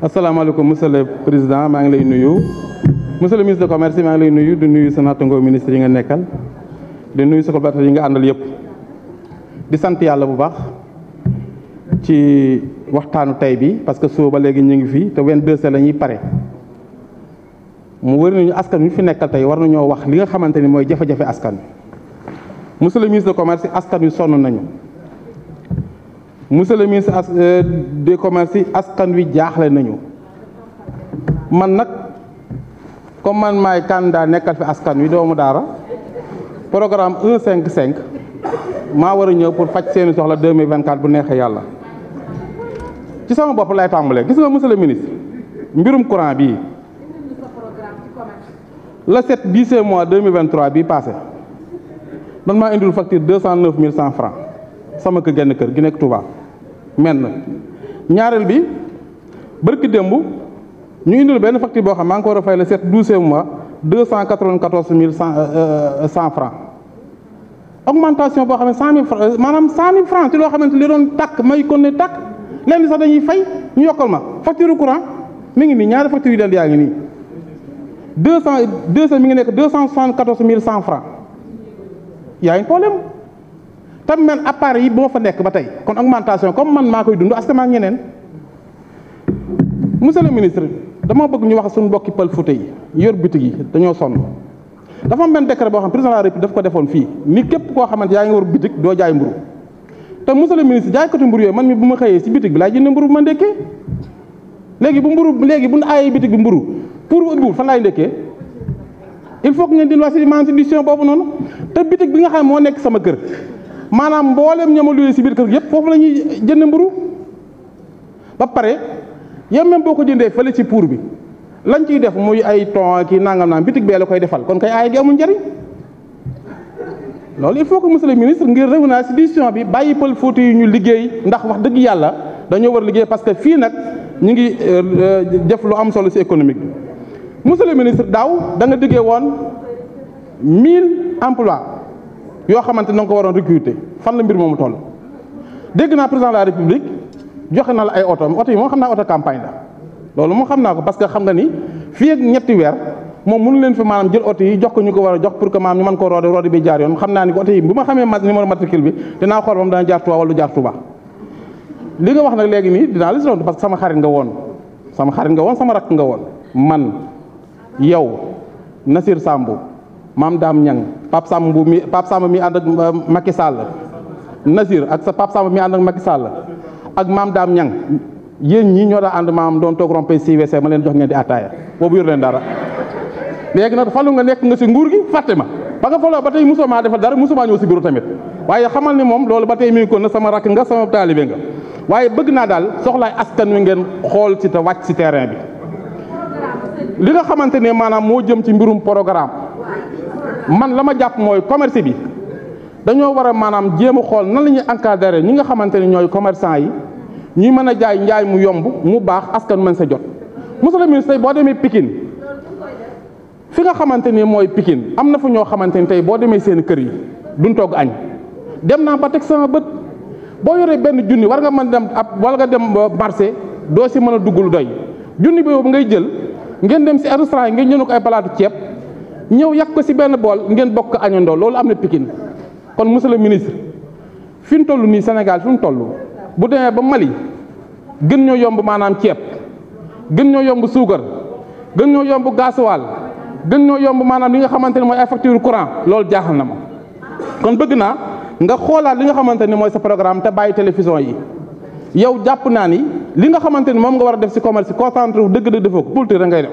Assalamualaikum, monsieur le président ma ngi lay nuyu monsieur le ministre de commerce ma ngi lay nuyu di nuyu sa nattangoo ministre yi nga nekkal di nuyu sa collaborateur yi nga andal yépp di sante yalla bu baax ci waxtanu tay bi parce que suba ba ñi ngi fi te 22 la lañuy pare mu wër nañu askan ñu fi nekkal tay war nañu wax li nga xamanteni moy jafé jafé askan monsieur le ministre de commerce askan yu sonu nañu monsieur le ministre as euh, des commerces yi askan wi jaaxle nañu man nag comme man maay candidat nekkal fi askan wi doomu programme 155 Ma war a pour faj seeni soxla 2024 bu neexee Yalla. ci sama bopp lay tàmbalee gis nga monsieur le ministre mbirum courant bii le 7 17 mois 2023 est passé man maa une facture 209 100 francs sama kër genn kër gi nekk Touba men ñaareel bi barki dembu ñu indul ben facture bo xam maa ngi ko fay le sept 12 mois deux 100 euh, euh, euh, franc augmentation bo xamé 100000 francs manam franc francs franc ci lo xamante li doon tak may kon ne tàkk lenn sax dañuy fay ñu yokal ma facture courant mi ngi ni ñaari facture yi dal yaangi ni 200 200 mi ngi nek 274100 francs yaay franc problème tam man appareil yi boo fa nek batay kon augmentation comme man makoy koy dund astama ak monsieur le ministre dama bëgg ñu wax suñ mbokki pël fouta yi yor bitig gi dañoo son dafa am ben décret bo xam président de la république daf ko defone fi ni képp ko xamant ya nga wor bitig do jaay mburu te monsieur le ministre jaay ko tu mburu yooyu man mi buma xeyé ci si bi la jënd mburu bu ma ndekkee léegi bu mburu légui bu ay aayee bitig bi mburu pour ubbiwul fa lay ndekkee il faut que ngeen di loi ci mensidition bobu non te bitig bi nga xam mo nek sama kër manam mbollem ñama luyee ci bir kër yépp fofu lañuy jënd mburu ba paré yow même boko jëndé jëndee fële ci pour bi lañ ciy def muy ay ton ki nangam naam bitik bee la koy defal kon kay ay gi amul njariñ loolu il faut que monsieur le ministre ngir rew naa si décision bi bayyi pël fóote yu ñu liggéey ndax wax dëgg yalla dañu war liggéey parce que fi nak ñi ngi euh, def lu am solo ci économique monsieur le ministre daw da nga diggé won 1000 emplois yo xamanteni na nga ko recruter fan la mbir momu toll dégg na president de la republique joxe na la ay auto auto mo xamna auto campagne la lolou mo xamna ko parce que xam nga ni fi ak ñetti weer moom mënu leen fi manam jël auto yi jox ko ñuko wara jox pour que maanaam ñu man ko rodé rodé bi jaar yon xamna ni ko oto yi bu xamé numéro matricule bi dina xool moom dana jaar tuwa wala jaar Touba li nga wax nak légui ni dina la parce que sama xarit nga won sama xarit nga won sama rak nga won man yow Nasir Sambou mam dam ñang sam bu mi pap sam mi and ak eh, Macky Sall nazir ak sa pap sam mi and ak Macky Sall ak mam dam ñang yeen ñi ñoo da and mam don tok rompé CVC ma leen jox ngeen di bo bu yor leen dara léegi nag falu nga nek nga si nguur gi fatima ba nga faloo batay musuma defal dara musuma ñoo ci biiru tamit waye xamal ni mom lolu batay mi ko na sama rak nga sama talibé nga waye bëgg naa daal soxlaay askan wi ngeen xol si ta wacc ci terrain bi li nga xamantene manam mo jëm ci mbirum programme man la ma jàpp mooy commerce bi dañoo war a maanaam jéem a xool nan lañuy ñuy encadrer ñi nga xamante ne ñooy commerçant yi ñuy mën a jaay njaay mu yomb mu baax askan mën sa jot. monsieur le ministre tey boo demee pikin fi nga xamante ni mooy pikin am na fa ñoo xamante ni tey boo demee seen kër yi duñ togg añ dem naa ba teg sama bët boo yoree benn junni war nga mën dem ab wala nga dem marché doo si mën a duggul lu doy junni boobu ngay jël ngeen dem si restaurant yi ngeen jënd ko ay palaatu ceeb. ñëw yàq ko ci benn bool ngeen bokk añandoo loolu am na pikin kon monsieur ministre fi mu toll nii Sénégal fi tollu bu demee ba Mali gën ñoo yomb maanaam ceeb gën ñoo yomb suukar gën ñoo yomb gasoil gën ñoo yomb maanaam li nga xamante ne mooy ay facture courant loolu jaaxal na ma kon bëgg naa nga xoolaat li nga xamante ne mooy sa programme te bàyyi télévision yi yow jàpp naa ni li nga xamante ni moom nga war a def ci commerce concentré dëgg-dëgg defoo ko politique rek ngay def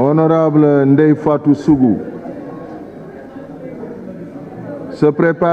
Honorable Ndey Fatou Sougou se prépare.